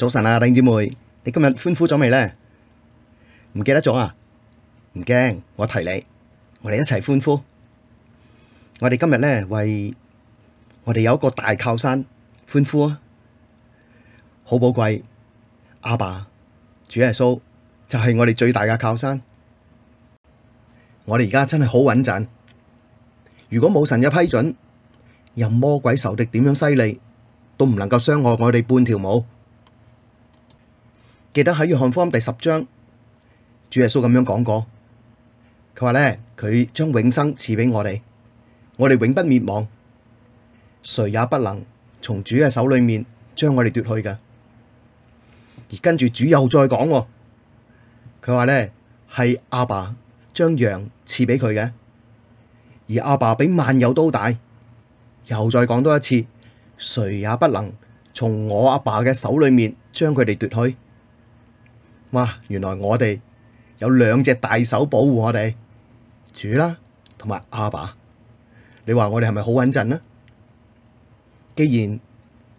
早晨啊，弟兄姊妹，你今日歡呼咗未呢？唔記得咗啊？唔驚，我提你，我哋一齊歡呼。我哋今日呢為我哋有一個大靠山歡呼啊，好寶貴阿爸主耶穌就係我哋最大嘅靠山。我哋而家真係好穩陣，如果冇神嘅批准，任魔鬼仇敵點樣犀利，都唔能夠傷害我哋半條毛。記得喺約翰福音第十章，主耶穌咁樣講過，佢話咧，佢將永生賜俾我哋，我哋永不滅亡，誰也不能從主嘅手裏面將我哋奪去嘅。而跟住主又再講，佢話咧，係阿爸將羊賜俾佢嘅，而阿爸比萬有都大，又再講多一次，誰也不能從我阿爸嘅手裏面將佢哋奪去。哇！原來我哋有兩隻大手保護我哋，主啦、啊，同埋阿爸。你話我哋係咪好穩陣呢？既然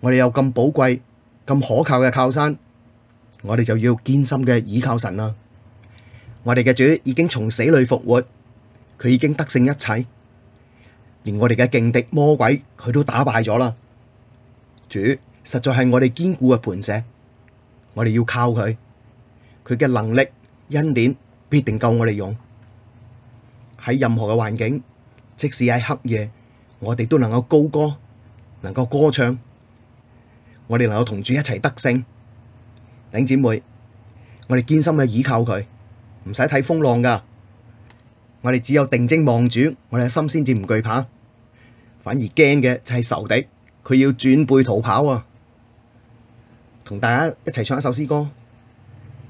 我哋有咁寶貴、咁可靠嘅靠山，我哋就要堅心嘅倚靠神啦。我哋嘅主已經從死裏復活，佢已經得勝一切，連我哋嘅勁敵魔鬼佢都打敗咗啦。主實在係我哋堅固嘅磐石，我哋要靠佢。佢嘅能力，恩典必定夠我哋用。喺任何嘅環境，即使喺黑夜，我哋都能夠高歌，能夠歌唱。我哋能夠同主一齊得勝，頂姊妹，我哋堅心去倚靠佢，唔使睇風浪噶。我哋只有定睛望主，我哋嘅心先至唔懼怕，反而驚嘅就係仇敵，佢要轉背逃跑啊！同大家一齊唱一首詩歌。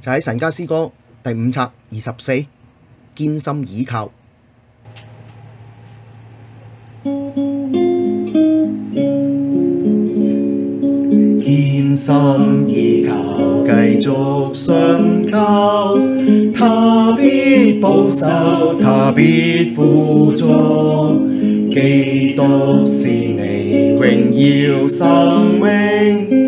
就喺神家詩歌第五冊二十四。堅心倚靠，堅心倚靠，繼續信靠，他必保守，他必扶助，基督是你榮耀生命。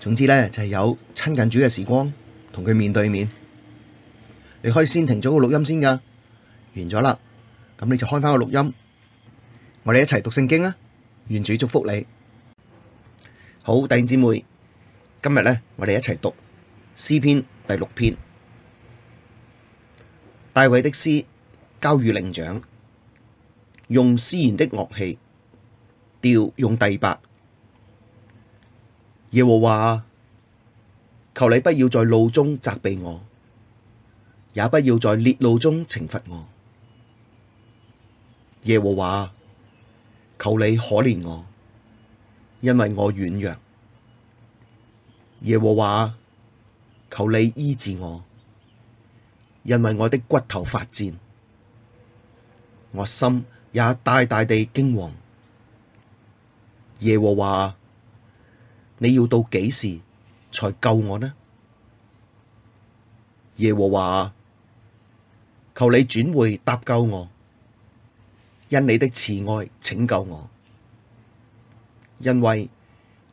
總之咧，就係、是、有親近主嘅時光，同佢面對面。你可以先停咗個錄音先㗎，完咗啦，咁你就開返個錄音，我哋一齊讀聖經啊！願主祝福你。好弟兄姊妹，今日咧，我哋一齊讀詩篇第六篇，大衛的詩，交與伶長，用絲弦的樂器調，調用第八。耶和華，求你不要在怒中責備我，也不要在烈怒中懲罰我。耶和華，求你可憐我，因為我軟弱。耶和華，求你醫治我，因為我的骨頭發戰，我心也大大地驚惶。耶和華。你要到幾時才救我呢？耶和華，求你轉回搭救我，因你的慈愛拯救我。因為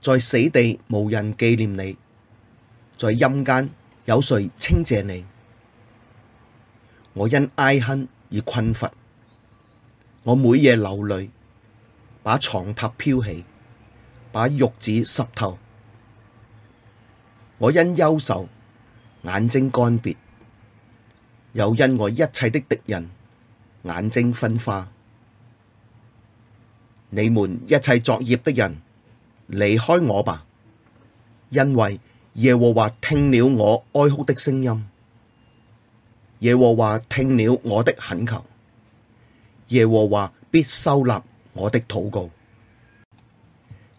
在死地無人紀念你，在陰間有誰稱謝你？我因唉哼而困乏，我每夜流淚，把床榻漂起。把褥子濕透，我因憂愁眼睛乾癟，又因我一切的敵人眼睛昏花。你們一切作孽的人，離開我吧！因為耶和華聽了我哀哭的聲音，耶和華聽了我的懇求，耶和華必收納我的禱告。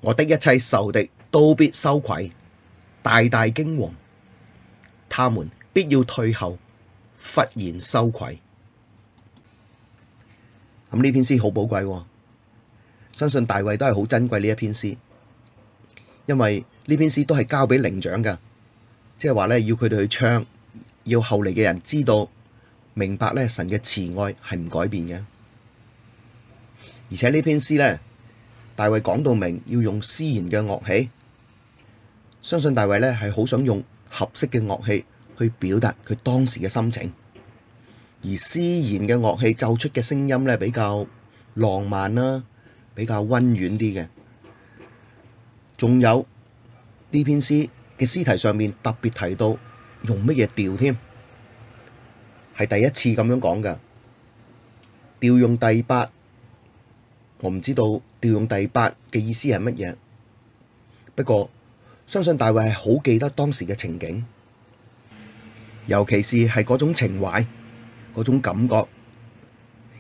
我的一切仇敵都必羞愧，大大驚惶，他們必要退後，忽然羞愧。咁呢篇詩好寶貴，相信大衛都係好珍貴呢一篇詩，因為呢篇詩都係交俾伶長嘅，即係話咧要佢哋去唱，要後嚟嘅人知道明白咧神嘅慈愛係唔改變嘅，而且呢篇詩咧。大衛講到明要用絲弦嘅樂器，相信大衛呢係好想用合適嘅樂器去表達佢當時嘅心情。而絲弦嘅樂器奏出嘅聲音呢，比較浪漫啦，比較溫軟啲嘅。仲有呢篇詩嘅詩題上面特別提到用乜嘢調添，係第一次咁樣講㗎，調用第八。我唔知道調用第八嘅意思係乜嘢，不過相信大衛係好記得當時嘅情景，尤其是係嗰種情懷、嗰種感覺。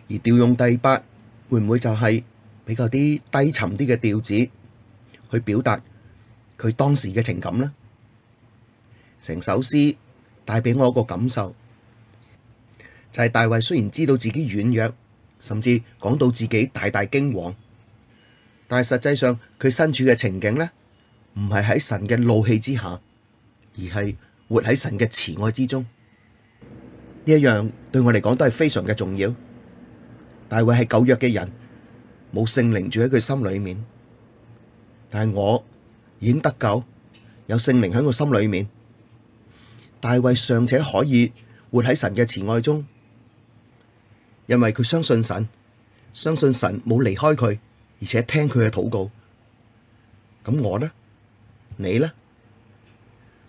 而調用第八會唔會就係比較啲低沉啲嘅調子去表達佢當時嘅情感呢？成首詩帶俾我一個感受，就係、是、大衛雖然知道自己軟弱。甚至講到自己大大驚惶，但係實際上佢身處嘅情景呢，唔係喺神嘅怒氣之下，而係活喺神嘅慈愛之中。呢一樣對我嚟講都係非常嘅重要。大衛係舊約嘅人，冇聖靈住喺佢心裏面，但係我已經得救，有聖靈喺我心裏面。大衛尚且可以活喺神嘅慈愛中。因為佢相信神，相信神冇離開佢，而且聽佢嘅禱告。咁我呢？你呢？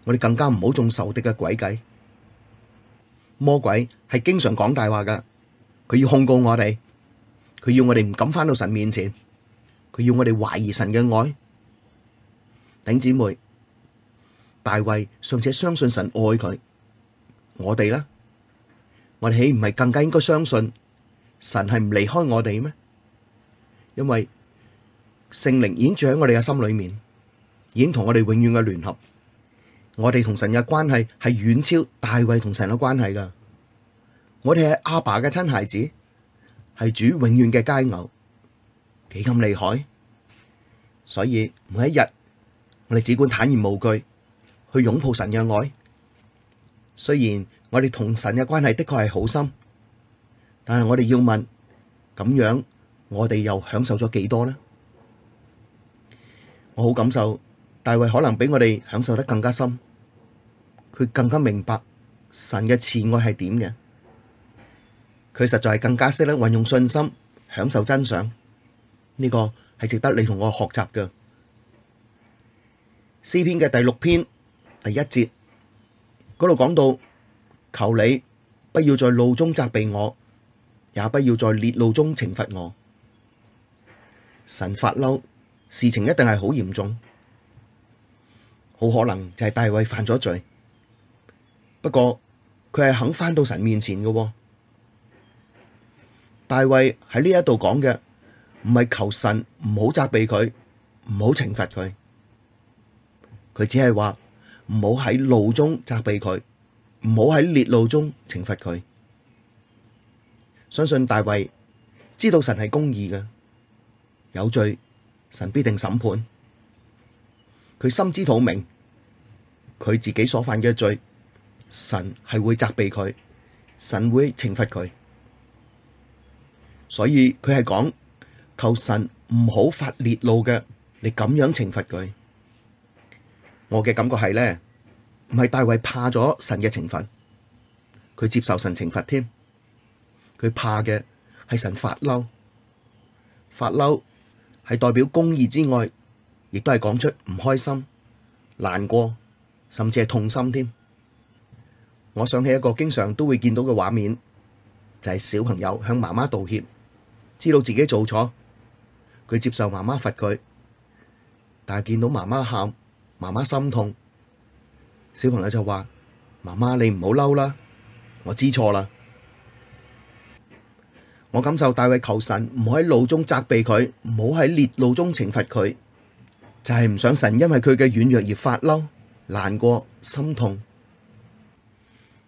我哋更加唔好中仇敵嘅詭計。魔鬼係經常講大話噶，佢要控告我哋，佢要我哋唔敢返到神面前，佢要我哋懷疑神嘅愛。頂姊妹，大衛尚且相信神愛佢，我哋呢？我哋豈唔係更加應該相信？神係唔離開我哋咩？因為聖靈已經住喺我哋嘅心裏面，已經同我哋永遠嘅聯合。我哋同神嘅關係係遠超大衛同神嘅關係㗎。我哋係阿爸嘅親孩子，係主永遠嘅佳偶，幾咁厲害！所以每一日我哋只管坦然無懼去擁抱神嘅愛。雖然我哋同神嘅關係的確係好深。但係我哋要問咁樣，我哋又享受咗幾多呢？我好感受大衛可能比我哋享受得更加深，佢更加明白神嘅慈愛係點嘅。佢實在係更加識得運用信心享受真相，呢個係值得你同我學習嘅。詩篇嘅第六篇第一節嗰度講到，求你不要在怒中責備我。也不要，在烈怒中懲罰我。神發嬲，事情一定係好嚴重，好可能就係大衛犯咗罪。不過佢係肯翻到神面前嘅。大衛喺呢一度講嘅，唔係求神唔好責備佢，唔好懲罰佢。佢只係話唔好喺怒中責備佢，唔好喺烈怒中懲罰佢。相信大衛知道神係公義嘅，有罪，神必定審判。佢心知肚明，佢自己所犯嘅罪，神係會責備佢，神會懲罰佢。所以佢係講，求神唔好發烈怒嘅，你咁樣懲罰佢。我嘅感覺係咧，唔係大衛怕咗神嘅懲罰，佢接受神懲罰添。佢怕嘅係神發嬲，發嬲係代表公義之外，亦都係講出唔開心、難過，甚至係痛心添。我想起一個經常都會見到嘅畫面，就係小朋友向媽媽道歉，知道自己做錯，佢接受媽媽罰佢，但係見到媽媽喊，媽媽心痛，小朋友就話：媽媽你唔好嬲啦，我知錯啦。我感受大衛求神，唔好喺怒中責備佢，唔好喺烈怒中懲罰佢，就係、是、唔想神因為佢嘅軟弱而發嬲、難過、心痛。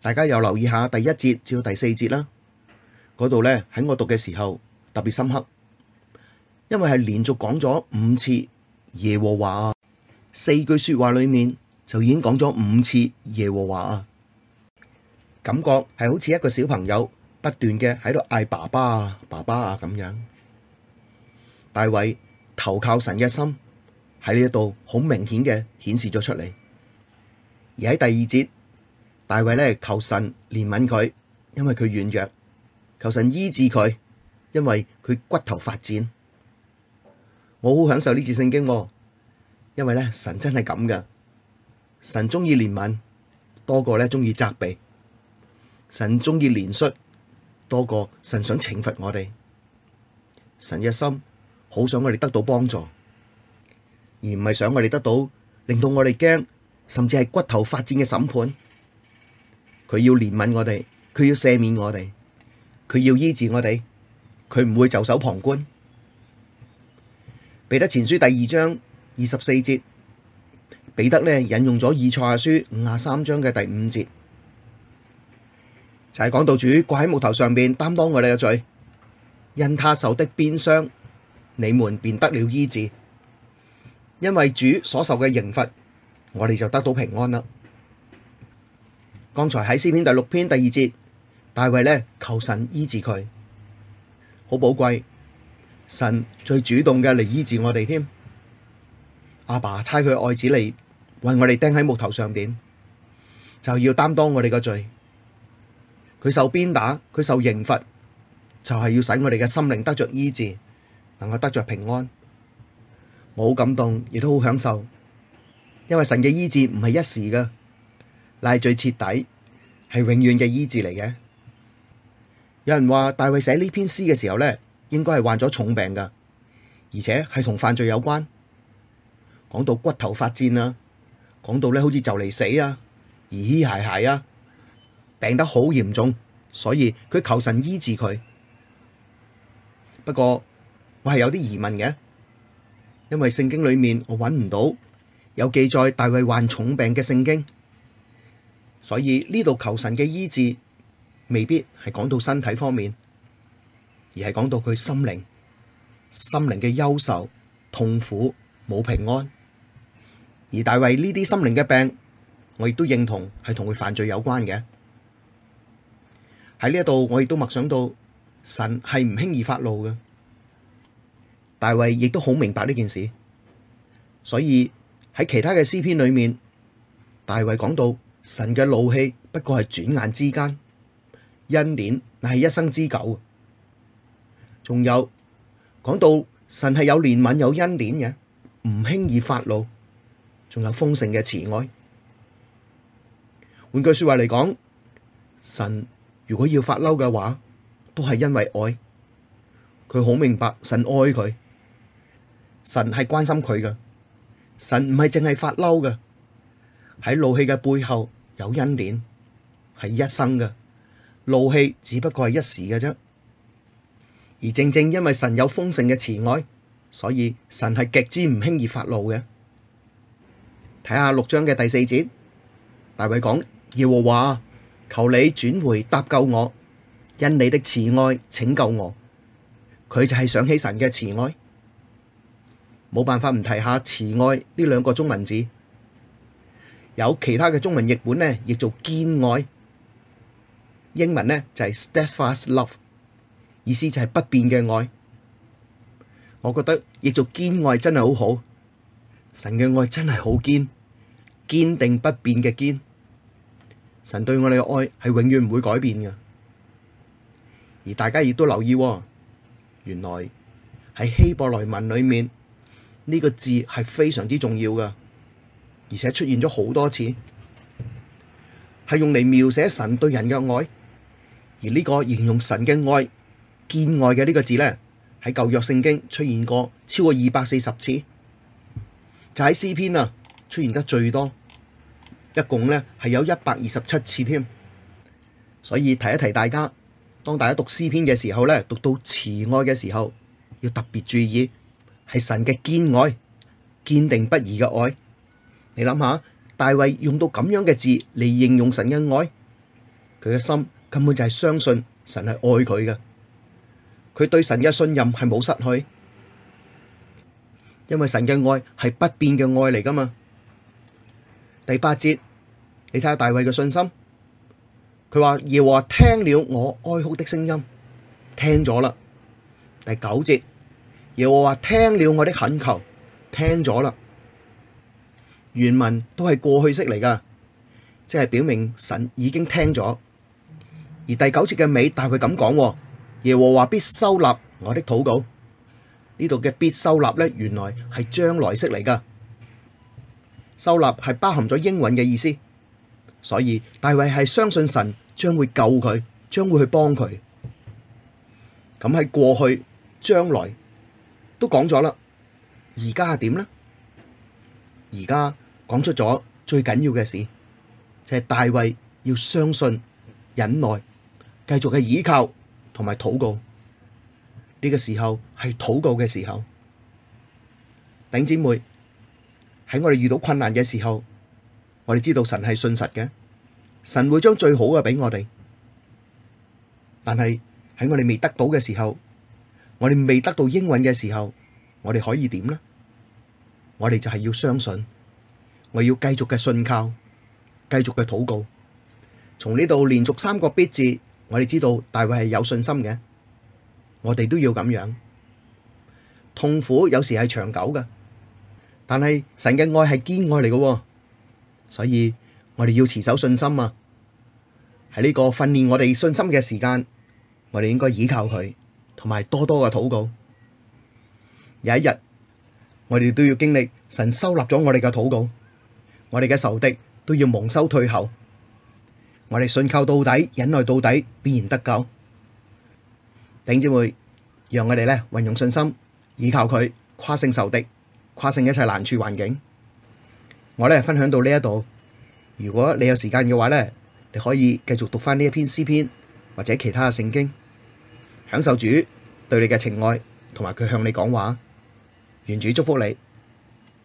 大家又留意下第一節至到第四節啦，嗰度呢，喺我讀嘅時候特別深刻，因為係連續講咗五次耶和華，四句說話裏面就已經講咗五次耶和華啊，感覺係好似一個小朋友。不斷嘅喺度嗌爸爸啊，爸爸啊咁樣，大衛投靠神嘅心喺呢一度好明顯嘅顯示咗出嚟。而喺第二節，大衛咧求神憐憫佢，因為佢軟弱；求神醫治佢，因為佢骨頭發戰。我好享受呢次聖經喎，因為咧神真係咁噶，神中意憐憫多過咧中意責備，神中意憐恤。多過神想懲罰我哋，神嘅心好想我哋得到幫助，而唔係想我哋得到令到我哋驚，甚至係骨頭發戰嘅審判。佢要憐憫我哋，佢要赦免我哋，佢要醫治我哋，佢唔會袖手旁觀。彼得前書第二章二十四節，彼得咧引用咗以賽亞書五十三章嘅第五節。就係講到主掛喺木頭上邊擔當我哋嘅罪，因他受的鞭傷，你們便得了醫治，因為主所受嘅刑罰，我哋就得到平安啦。剛才喺詩篇第六篇第二節，大衛咧求神醫治佢，好寶貴，神最主動嘅嚟醫治我哋添。阿爸差佢愛子嚟為我哋釘喺木頭上邊，就要擔當我哋嘅罪。佢受鞭打，佢受刑罰，就係要使我哋嘅心靈得着醫治，能夠得着平安，我好感動，亦都好享受，因為神嘅醫治唔係一時噶，乃係最徹底，係永遠嘅醫治嚟嘅。有人話大衛寫呢篇詩嘅時候咧，應該係患咗重病噶，而且係同犯罪有關。講到骨頭發戰啊，講到咧好似就嚟死啊，而嘻鞋鞋啊。病得好嚴重，所以佢求神醫治佢。不過我係有啲疑問嘅，因為聖經裏面我揾唔到有記載大衛患重病嘅聖經，所以呢度求神嘅醫治未必係講到身體方面，而係講到佢心靈、心靈嘅憂愁、痛苦，冇平安。而大衛呢啲心靈嘅病，我亦都認同係同佢犯罪有關嘅。喺呢一度，我亦都默想到神係唔輕易發怒嘅。大衛亦都好明白呢件事，所以喺其他嘅詩篇裏面，大衛講到神嘅怒氣不過係轉眼之間，恩典乃係一生之久。仲有講到神係有憐憫、有恩典嘅，唔輕易發怒，仲有豐盛嘅慈愛。換句說話嚟講，神。如果要發嬲嘅話，都係因為愛。佢好明白神愛佢，神係關心佢嘅。神唔係淨係發嬲嘅，喺怒氣嘅背後有恩典，係一生嘅，怒氣只不過係一時嘅啫。而正正因為神有豐盛嘅慈愛，所以神係極之唔輕易發怒嘅。睇下六章嘅第四節，大衛講耶和華，求你轉回搭救我，因你的慈愛拯救我。佢就係想起神嘅慈愛，冇辦法唔提下慈愛呢兩個中文字。有其他嘅中文譯本呢，譯做堅愛。英文呢就係 steadfast love，意思就係不變嘅愛。我覺得譯做堅愛真係好好，神嘅愛真係好堅，堅定不變嘅堅。神對我哋嘅愛係永遠唔會改變嘅，而大家亦都留意、哦，原來喺希伯來文裏面呢個字係非常之重要噶，而且出現咗好多次，係用嚟描寫神對人嘅愛，而呢個形容神嘅愛、見愛嘅呢個字呢，喺舊約聖經出現過超過二百四十次，就喺詩篇啊出現得最多。一共咧，係有一百二十七次添，所以提一提大家，當大家讀詩篇嘅時候咧，讀到慈愛嘅時候，要特別注意係神嘅堅愛、堅定不移嘅愛。你諗下，大衛用到咁樣嘅字嚟形容神嘅愛，佢嘅心根本就係相信神係愛佢嘅，佢對神嘅信任係冇失去，因為神嘅愛係不變嘅愛嚟噶嘛。第八節，你睇下大衛嘅信心，佢話，耶和華聽了我哀哭的聲音，聽咗啦。第九節，耶和華聽了我的懇求，聽咗啦。原文都係過去式嚟噶，即係表明神已經聽咗。而第九節嘅尾，但係佢咁講，耶和華必收納我的禱告。呢度嘅必收納咧，原來係將來式嚟噶收納係包含咗英文嘅意思，所以大衛係相信神將會救佢，將會去幫佢。咁喺過去、將來都講咗啦，而家係點呢？而家講出咗最緊要嘅事，就係大衛要相信忍耐，繼續嘅倚靠同埋禱告。呢個時候係禱告嘅時候，頂姐妹。喺我哋遇到困難嘅時候，我哋知道神係信實嘅，神會將最好嘅俾我哋。但係喺我哋未得到嘅時候，我哋未得到應允嘅時候，我哋可以點呢？我哋就係要相信，我要繼續嘅信靠，繼續嘅禱告。從呢度連續三個必字，我哋知道大衛係有信心嘅。我哋都要咁樣，痛苦有時係長久嘅。但係神嘅愛係堅愛嚟嘅，所以我哋要持守信心啊！喺呢個訓練我哋信心嘅時間，我哋應該倚靠佢，同埋多多嘅禱告。有一日，我哋都要經歷神收納咗我哋嘅禱告，我哋嘅仇敵都要蒙羞退後。我哋信靠到底，忍耐到底，必然得救。頂姊妹，讓我哋咧運用信心，倚靠佢誇勝仇敵跨性一切難處環境，我咧分享到呢一度。如果你有時間嘅話咧，你可以繼續讀翻呢一篇詩篇或者其他嘅聖經，享受主對你嘅情愛同埋佢向你講話。願主祝福你。